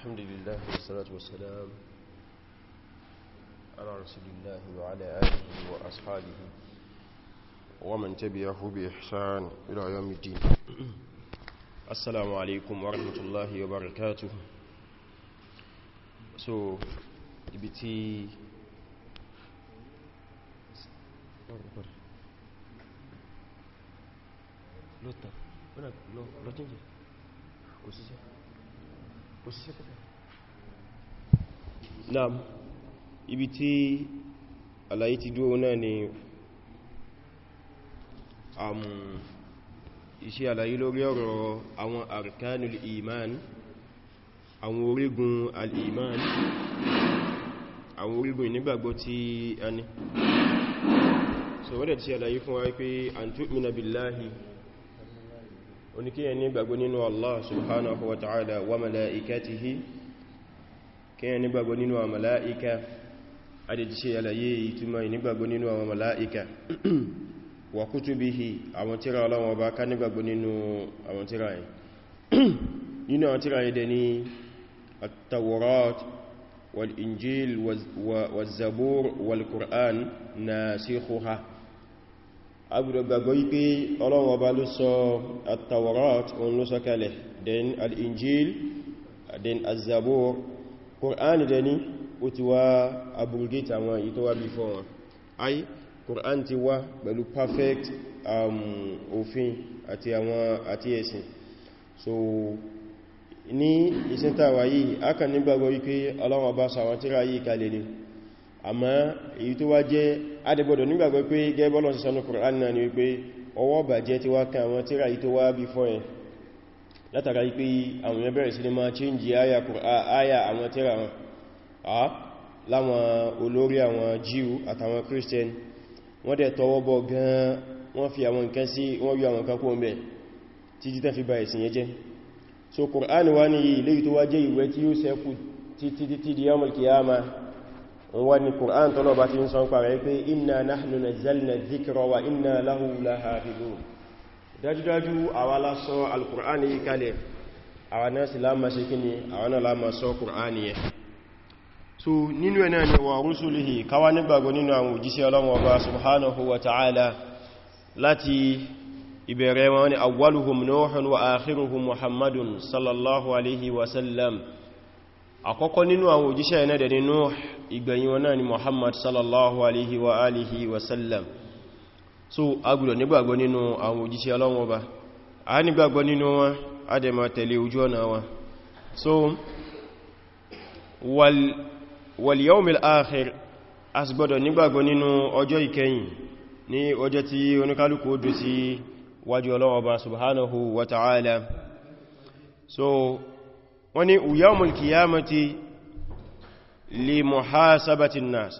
الحمد لله والصلاة والسلام على رسول الله وعلى آله وأصحابه ومن تبعه بإحسان إلى يوم الدين السلام عليكم ورحمة الله وبركاته So, ibiti lota lo lo lọ́tíjẹ̀ kò síṣẹ́ kò sí sẹ́kẹ̀tẹ̀ naam ibi tí àlàyé ti dúró náà ni iṣẹ́ àlàyé lórí ọ̀rọ̀ àwọn arkanul iman àwọn orígun al-iman àwọn orígun ìnígbàgbọ́ tí a ní so wọ́n dẹ̀ ti àlàyé fún wa pé an billahi oníkíyàn ní gbàgbọ́ nínú Allah subhanahu wa ta'ala wa mala'ikatihi kíyàn ní gbàgbọ́ nínú àwọn mala'ika adìjíṣẹ́ alaye ìtumọ̀ ìnígbàgbọ́ nínú àwọn mala'ika wa kutubihi àwọn tíra ọlọ́wọ́ bá ká nígbàgbọ́ nínú nínú àwọn agbùdọ̀ gbàgbọ́ wípé ọlọ́run ọba ló sọ at-Tawrat òun ló sọ kalẹ̀ den al-Injil den az-Zabur Kùránì dẹ ní ó ti wá abúrúgẹ́ta wọn yìí tó wá bí fọ́ wọn ayi Kùránì ti wá pẹ̀lú perfect um, òfin àti àwọn àti ẹ̀sìn so ní ìsìntàwà yìí a kàn nígbàgbọ́ wípé ọlọ́run ọba sọ àwọn tírà yìí kalẹ̀ ni àmọ́ èyí tó wá jẹ́ adẹ́gbọ́dọ̀ nígbàgbọ́ pé gẹ́bọ́lọ̀ sọ́nà Kùránì náà ni wípé ọwọ́ bàjẹ́ tí wá kan àwọn tíra yìí tó wá bí fọ́ ẹ̀ látara wípé àwọn èèyàn sí ní máa chíǹjì àyà àwọn tíra wọn a àwọn Jíù Christian wọ́n dẹ̀ tọwọ́ bọ̀ gan wọ́n fi àwọn nǹkan sí wọ́n yọ àwọn kankó mẹ́ títí tán fi bà ẹ̀sìn yẹn jẹ́ so Kùránì wá ní ilé wọ́n ni Kùrán tọ́lọ̀ bá ti ń sọ́n pàrẹ pé inna nahnu nazzalna dhikra wa inna lahu lahafidun dájúdájú àwa la sọ al-Kùrán yìí kalẹ̀ àwa náà sì lámà ṣe kí ni àwa náà lámà sọ Kùrán yẹ so nínú ẹ̀nà ni wa rusulihi káwa nígbàgbọ́ awwaluhum Nuhun wa akhiruhum Muhammadun sallallahu alaihi wasallam àkọ́kọ́ nínú àwọn òjíṣẹ́ ẹ̀nà dẹ̀ nínú ìgbẹ̀yìn wọn náà ni Muhammad sallallahu alaihi wa alihi wasallam so agbùdọ̀ nígbàgbọ́ nínú àwọn òjíṣẹ́ Ọlọ́run Ọba a nígbàgbọ́ nínú wọn a dẹ̀ máa tẹ̀lé ojú ọ̀nà wọn so wal yawmil akhir a nígbàgbọ́ nínú ọjọ́ ìkẹyìn ní ọjọ́ tí oníkálùkù wọ́n ní yawmul qiyamati li muhasabati nnas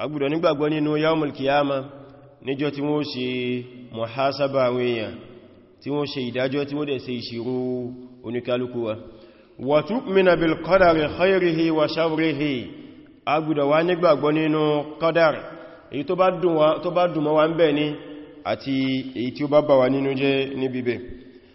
agbùdọ̀ nígbàgbọ́ nínú yawmul qiyama níjọ́ tí wọ́n ṣe muhasaba àwọn èèyàn tí wọ́n ṣe ìdájọ́ tí wọ́n dẹ̀ ṣe ìṣirò oníkálukú wa wa tu'mina bil qadari khayrihi wa sharrihi agbùdọ̀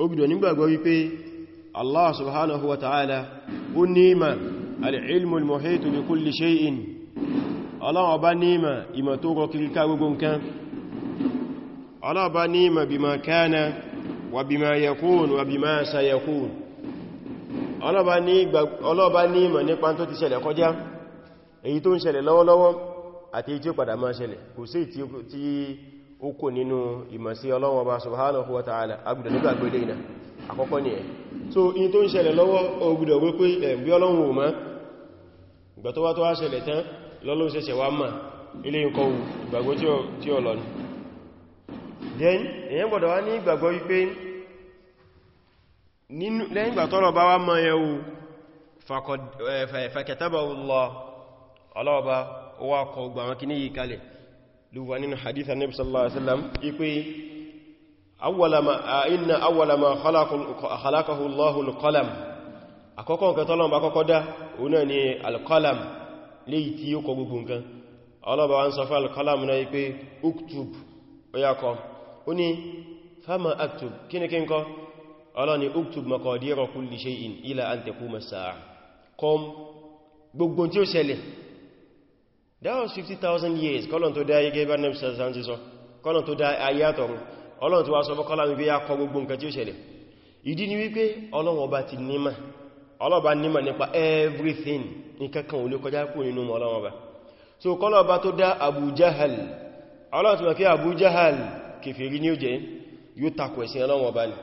ó gbọ́dọ̀ nígbàgbọ́ wípé Allah subhanahu wa ta'ala ó níma al'ilmul muhitu bi kulli shay'in Allah ọba níma ìmọ̀ tó rọ kiri ká gbogbo nǹkan Allah ọba níma bima kana wa bima yakun wa bima sayakun Allah ọba níma nípa tó ti ṣẹlẹ̀ kọjá èyí tó ń ṣẹlẹ̀ lọ́wọ́lọ́wọ́ àti èyí tí ó padà máa ṣẹlẹ̀ kò sí ó ninu imasi ìmọ̀sí Ọlọ́run Ọba subhanahu wa ta'ala agbùdà nígbà gbélé ìnà àkọ́kọ́ ni ẹ̀ so in tó ń ṣẹlẹ̀ lọ́wọ́ ogbùdà wé pé ẹ̀bí Ọlọ́run ò mọ́ ìgbà tó wá tó wá ṣẹlẹ̀ tán lọ́lọ́run ṣẹ̀ṣẹ̀ wá mọ̀ ilé nǹkan ìgbàgbọ́ tí ó lọ ní then pe gbọ́dọ̀ wá ní ìgbàgbọ́ wípé lẹ́yìn ìgbà tọ́rọ Allah yi lúwà nínú hadith annabi sallallahu alaihi wasallam ipe awwalama inna awwalama khalaqahu Allahu al-qalam àkọ́kọ́ nǹkan tọ́lọ́run bá kọ́kọ́ dá ọ̀nà ni al-qalam léyìí tí ó kọ gbogbo nǹkan Ọlọ́run bá wá ń sọ fún al-qalam náà ipe uktub ó yá kọ ó ní fama aktub kí ni kí n kọ Ọlọ́run ni uktub maqadira ila an taquma as-sa'a gbogbo tí ó ṣẹlẹ̀ that was 50,000 years kọlọ̀n tó dá ayé bá nẹ́bí sẹ́sàn ti sọ kọlọ̀n tó dá ayé àtọ̀run ọlọ́n tó wá sọ fọ́kọ́lá wípé ya kọ gbogbo nǹkan tí ó ṣẹlẹ̀ ìdí ni wípé Ọlọ́run ọba ti nímà Ọlọ́run ọba nímà nípa everything nǹkankan ò lè kọjá kú nínú Ọlọ́run ọba so kọlọ̀n ọba tó dá Abu Jahal Ọlọ́run tó mọ̀ kí Abu Jahal kèfèrí ní ó jẹ́ yóò takò ẹ̀sìn Ọlọ́run ọba ni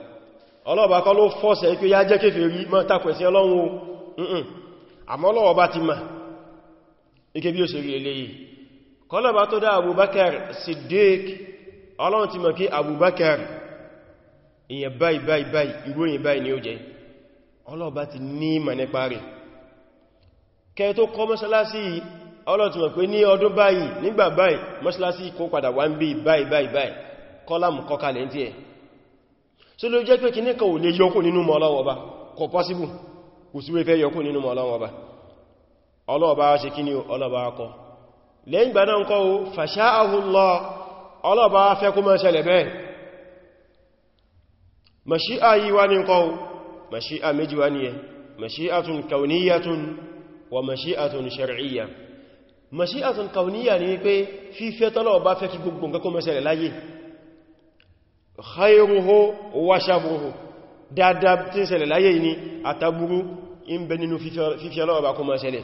Ọlọ́run ọba kọ́ ló fọ́sẹ̀ pé yá jẹ́ kèfèrí mọ́ takò ẹ̀sìn Ọlọ́run o àmọ́ Ọlọ́run ọba ti mà ike bí ó ṣe rí eléyìí kọlọ̀bá tó dá abubakar siddiq ọlọ́run ti mọ̀ kí abubakar èyàn báyìí báyìí báyìí ìròyìn báyìí ni ó jẹ́ ọlọ́ọ̀bá ti ní ìmọ̀ nípa rẹ̀ kẹ tó kọ́ mọ́sálásí ọlọ́run ti mọ̀ pé ní ọdún báyìí nígbà báyìí mọ́sálásí ọlọ́ọ̀bá ṣe kí ni ọlọ́ọ̀bá akọ lẹ́yìn gbádá ń kọ́ o fasha'ahu Allah ọlọ́ọ̀bá fẹ́ kó máa ṣẹlẹ̀ bẹ́ẹ̀ mashi'a yí wá ní kọ́ o mashi'a méjì wá ní ẹ mashi'atun kauniyatun wa mashi'atun shar'iyya mashi'atun kauniyya ni pé in bẹ nínú fífẹ́ ọlọ́ọ̀bá kó máa ṣẹlẹ̀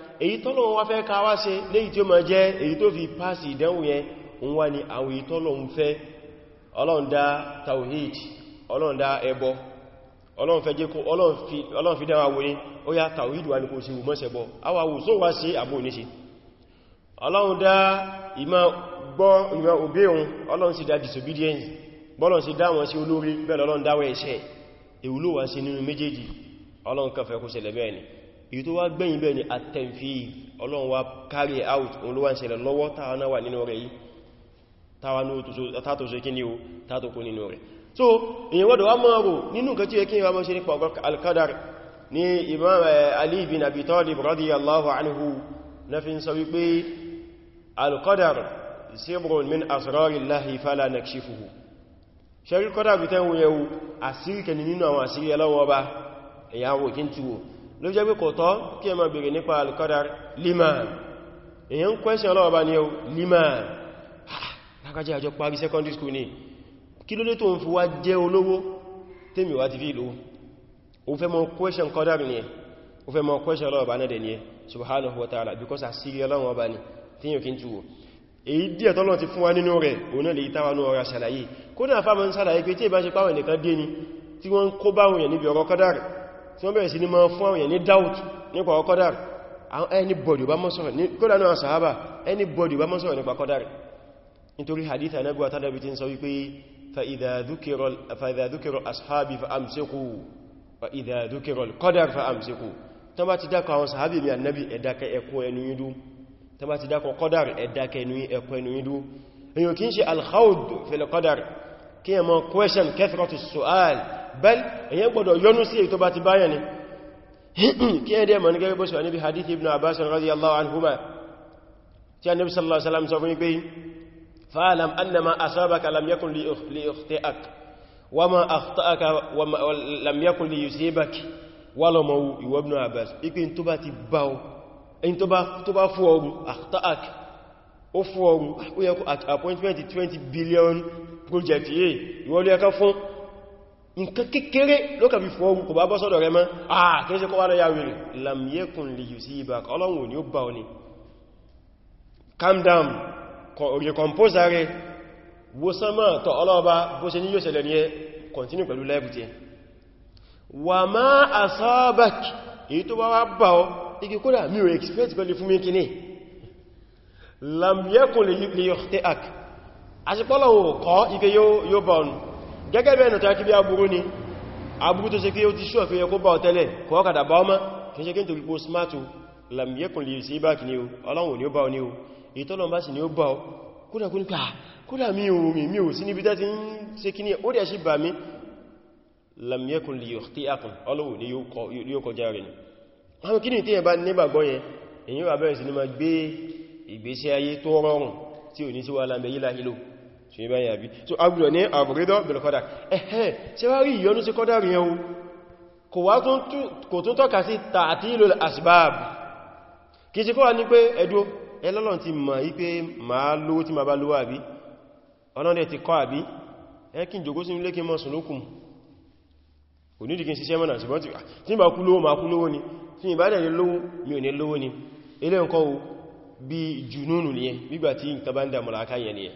èyí tọ́lọ̀ wọn fẹ́ káwá ṣe léyìí tí ó ma jẹ́ èyí tó fi pàṣì ìdánwò yẹn ń wá ní àwọn èyí tọ́lọ̀ ń fẹ́ Ọlọ́run tawhid Ọlọ́run dá ẹbọ Ọlọ́run fẹ́ jẹ́ kó Ọlọ́run ó yá tawhid wà ní kó ṣe wùmọ́sẹ̀bọ awà wù só wá sí àbò níṣe Ọlọ́run dá ìmọ̀ gbọ́ ìmọ̀ òbí òun Ọlọ́run sì dá disobedience bọ́lọ̀n sì dá wọn sí olórí bẹ́ẹ̀ ni èyí tó wá gbẹ̀yìn bẹ́ẹ̀ ni at-tanfidh ọlọ́run wá carry out òun ló wá ń ṣẹlẹ̀ lọ́wọ́ táwa náà wà nínú rẹ̀ yìí tàtò ṣe kí ni o tàtò kó nínú rẹ̀ so èyàn wọ́dọ̀ wá máa rò nínú nǹkan tí ẹ kí wá máa ṣe nípa al-qadar ni Imam eh, Ali bin Abi Talib radiyallahu anhu na fi al-qadar sibrun min asrarillahi fala nakshifuhu ṣe rí kọ́dà bí tẹ́wọ̀ yẹwu àsírí kẹni nínú àwọn àsírí ẹlọ́wọ́ bá èyàwó kí ń tuwo ló jẹ́ pé kò tọ́ kí ẹ máa bèèrè nípa al-qadar lima èyàn kwẹ́ṣẹ́ ọlọ́wọ́ bá ní ẹwù lima ah, lákàjẹ́ àjọ parí secondary school ní kí ló lé tó ń fi wá jẹ́ olówó tèmi wá ti fi ìlú o fẹ́ mọ́ kwẹ́ṣẹ́ qadar ní ẹ o fẹ́ mọ́ kwẹ́ṣẹ́ ọlọ́wọ́ bá náà ní ẹ because àṣírí ọlọ́wọ́ bá ní tíyàn kí n túwò èyí díẹ̀ tọ́lọ́ ti fún wa nínú rẹ̀ òun náà lè tàwà ní ọ̀rọ̀ ṣàlàyé kódà fáwọn ń ṣàlàyé tí wọ́n bẹ̀rẹ̀ sí ní máa fún àwọn èèyàn ní doubt nípa ọkọ́dàrí anybody bá mọ́sọ̀rọ̀ ní kódà náà sàhábà anybody bá mọ́sọ̀rọ̀ nípa ọkọ́dàrí nítorí hadith anagwa tàbí tí ń sọ wípé fa'idha dhukira ashabi bẹ́ẹ̀ èyẹ gbọ́dọ̀ yọnú sí ètò bá ti báyẹ̀ ni kí ẹdẹ mọ̀ ní gẹ́gẹ́ bó sọ níbi hadith ibn abbas radiyallahu anhuma tí a nabi sallallahu alaihi wasallam sọ fún pé fa'alam annama asabaka lam yakun li yukhti'ak wa ma akhta'aka lam yakun li yusibak wa la mawu ìwọ ibn abbas appointment 20 billion project yìí ìwọ ló yẹ fún nǹkan kékeré lókà bí fọ́ orúkọ bá bọ́ sọ́dọ̀ rẹ mọ́ àà ah, kí ní ṣe kọ́ wá lọ́yà rẹ̀ lamyekun lè yìí sí ibà ọlọ́run ni ó bá ọ calm down recompose rẹ̀ wo sánmà tọ ọlọ́ọba bó ṣe ní yóò ṣẹlẹ̀ ní ẹ continue pẹ̀lú lẹ́bùtẹ́ wà má asabak èyí tó bá wá bá ọ igi kódà mi ò expect pẹ̀lú fún mi kí ní lamyekun gẹ́gẹ́ bẹ́ẹ̀ nàtà kí bí aburú ni aburú tó ṣe kí ó ti ṣọ́ fi ẹkó bá ọ̀tẹ́lẹ̀ kọ́ọ̀kàdà bá ọmọ kí ṣe kí n tó gbogbo smart lamyekun lè sí báàkì ni o ọlọ́run ni ó bá ọ ni o ìtọ́lọ̀ bá mi ò rìn mi ò sí ni ó dẹ̀ sí bà mí lamyekun lè tí àkùn ọlọ́run ni yóò kọjá rẹ̀ ni àwọn kí ni bẹ̀rẹ̀ sí ni máa gbé ìgbésí ayé tó rọrùn tí ò ní sí wà lábẹ́ yílá hílò ṣe bá yàbí so agbúrò ní àbúrídọ́ bẹ̀rẹ̀ kọ́dà ẹ̀hẹ́ ṣe wá rí ìyọnú sí kọ́dà ríyàn o kò tún tọ́ka sí tààtílò asbab kì í ṣe kọ́ ní pé ẹdó ẹlọ́lọ́n ti mọ̀ yí pé máa lówó tí ma bá lówó àbí ọlọ́dẹ̀ ma ah, kú lówó ni tí ìbádẹ̀ ní lówó mi ò ní lówó ni ilé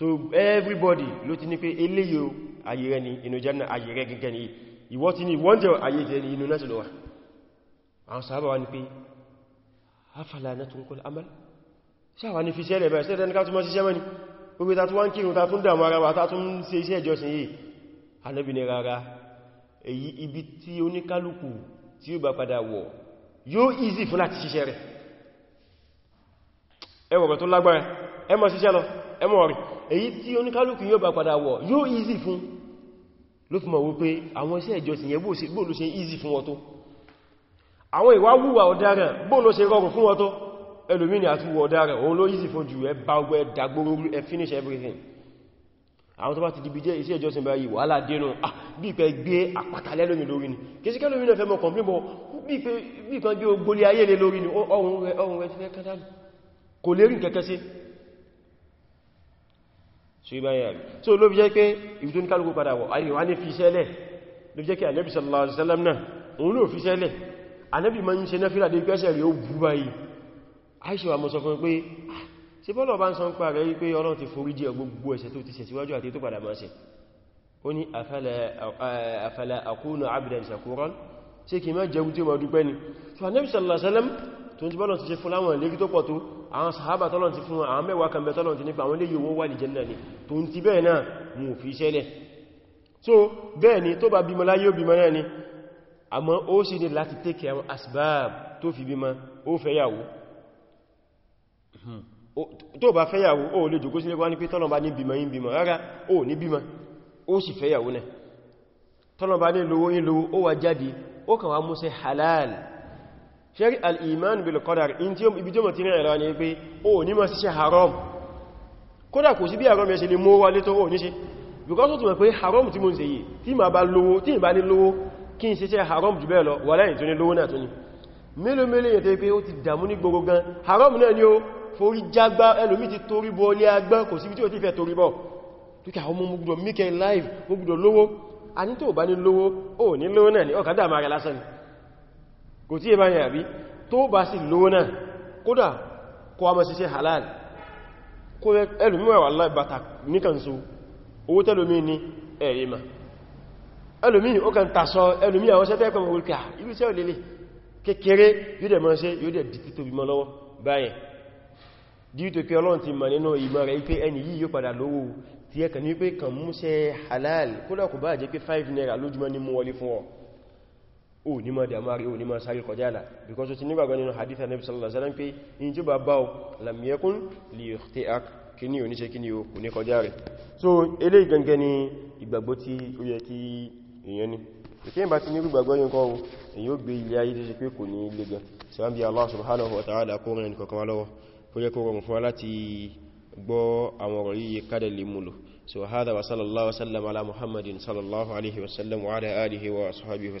so everybody ló ti ní pé eléyìí ayé rẹ̀ ní inú janna ayé rẹ̀ gẹ́gẹ́ ní ìwọ ti ní wọ́n jẹ́ ayé tẹ́ ní inú náà lọ́wà àwọn sàábà wá ní pé afala na tún kọlu amal sáwà ní fi ṣẹ́rẹ̀ bẹ̀rẹ̀ sẹ́rẹ̀ ní ká tún mọ́ síṣẹ́ mẹ́ni orí ta tún wá ń kírun ta tún dàmọ́ ara wa ta tún ṣe iṣẹ́ ìjọsìn yìí Ànábì ní rárá èyí ibi tí oníkálùkù tí ó bá padà wọ̀ yóò easy fún láti ṣiṣẹ́ rẹ̀ ẹwọ̀n tó lágbára ẹ mọ́ síṣẹ́ lọ ẹ mọ́ rí èyí tí oníkálùkù yóò bá padà wọ̀ yóò easy fún ló fi mọ̀ wípé àwọn iṣẹ́ ìjọsìn yẹn bó ló ṣe easy fún wọn tó àwọn ìwà wúwà ọ̀daràn bó ló ṣe rọrùn fún wọn tó ẹlòmíní àti wọ ọ̀daràn òun ló easy fún jù ẹ bá gbẹ dàgbóró ẹ finish everything àwọn tó bá ti dìbí jẹ́ iṣẹ́ ìjọsìn báyìí wàhálà dénú ah, bí ìpẹ́ gbé àpáta lẹ́lómi lórí ni kìí sí kẹ́lómi náà fẹ́ mọ̀ kọ̀m̀plé bọ̀ bí ìkan gbé ogbólé ayé lé lórí ni ọrùn rẹ̀ ti fẹ́ kádánù kò lérí kẹ́kẹ́ sí so ibá yà rí so ló fi jẹ́ pé ibi tó ní kálùkù padà wọ̀ ayé wá ní fi sẹ́lẹ̀ ló fi jẹ́ kí anẹ́bì sallallahu alaihi wasallam náà òun ló fi sẹ́lẹ̀ anẹ́bì ma ń ṣe náfílà dé pẹ́sẹ̀ rí ó bú báyìí Àìṣà wa mọ́ sọ fún pé ṣe bọ́lọ̀ bá ń sọ ń pa rẹ̀ pé Ọlọ́run ti forí jì gbogbo ẹ̀ṣẹ̀ tó ti ṣẹ̀ síwájú àti tó padà máa ṣẹ̀ ó ní afala eh, akunu abdan shakuran ṣe kì í má jẹun tí ó ma dúpẹ́ ni so anẹ́bì sallallahu alaihi wasallam tó ń ti bọ́lọ̀ ti ṣe fún láwọn ìlérí tó pọ̀ tó àwọn sàhábà tọ́lọ̀ ti fún àwọn mẹ́wàá kan bẹ tọ́lọ̀ ti nípa àwọn ilé yíò wà ní ni tó ń ti bẹ́ẹ̀ náà mú fi ṣẹlẹ̀ so bẹ́ẹ̀ ni tó bá bímọ láyé ó náà ni àmọ́ ó sì ní láti tẹ́kẹ̀ àwọn asbab tó fi bímọ ó fẹ́yàwó hmm. tó bá fẹ́yàwó ó lè jòkó sílé wá pé tọ́lọ̀ ní bímọ yín bímọ rárá ó ní bímọ ó sì fẹ́yàwó náà tọ́lọ̀ ní lówó yín lówó ó wà jáde ó kàn wá mú sí halal ṣẹ́rí al'iman bil qadar in tí ibi tí ó mọ̀ tí rẹ̀ rẹ̀ ní pé o ní ma ṣiṣẹ́ haram kódà kò sí bí haram yẹ ṣe lè mọ́ wá létọ́ o ní ṣe because ó túnmọ̀ pé haram tí mo ń ṣe yìí tí ma bá lówó tí ìbá ní lówó kí n ṣiṣẹ́ haram jù bẹ́ẹ̀ lọ wà lẹ́yìn tó ní lówó náà tó ní mélòó mélòó yẹn tó pé ó ti haram náà ni ó forí jágbá ẹlòmí ti torí bọ́ lé agbá kò síbi tí ó ti fẹ́ torí bọ́ tó kí àwọn ọmọ gbogbo mike live gbogbo lówó a ní tó bá ní lówó ó ní lówó náà ni ọkàdà mara kò tí ìbá yẹn àbí tó bá sì lówó kódà kó a mọ́ sí sí halal kó ẹlòmíwà wà láìbàtà níkan so owó tẹ́lòmí ní ẹ̀rẹ́ ma ẹlòmí ó kàn tàṣọ ẹlòmí àwọn sẹ́tẹ́ ẹ̀kọ́ mọ̀wòlùkà irú sẹ́ òlélẹ̀ kékeré yóò dẹ̀ mọ́ sẹ́ yóò dẹ̀ dìtì tóbi mọ́ lọ́wọ́ báyẹn dí tó ti mọ̀ nínú wípé kàn mú sẹ́ halal kódà kò bá jẹ́ pé 5 naira lójúmọ́ ní mú wọlé fún ọ o ní máa dàmárì o ní máa sáré kọjá àlà because o ti nígbàgbọ́ nínú hadith anabi sallallahu alaihi wasallam pé in jí so eléyìí gangan ni ìgbàgbọ́ tí ó yẹ kí èèyàn ní ìkẹ́ ìbá ti ní gbàgbọ́ yìí kọ́ èyí ó gbé ilé ayé tẹ́ṣe pé kò ní ilé gan tí wọ́n so hada wa sallallahu wa sallam ala muhammadin sallallahu alaihi wa sallam wa ala alihi wa ashabihi wa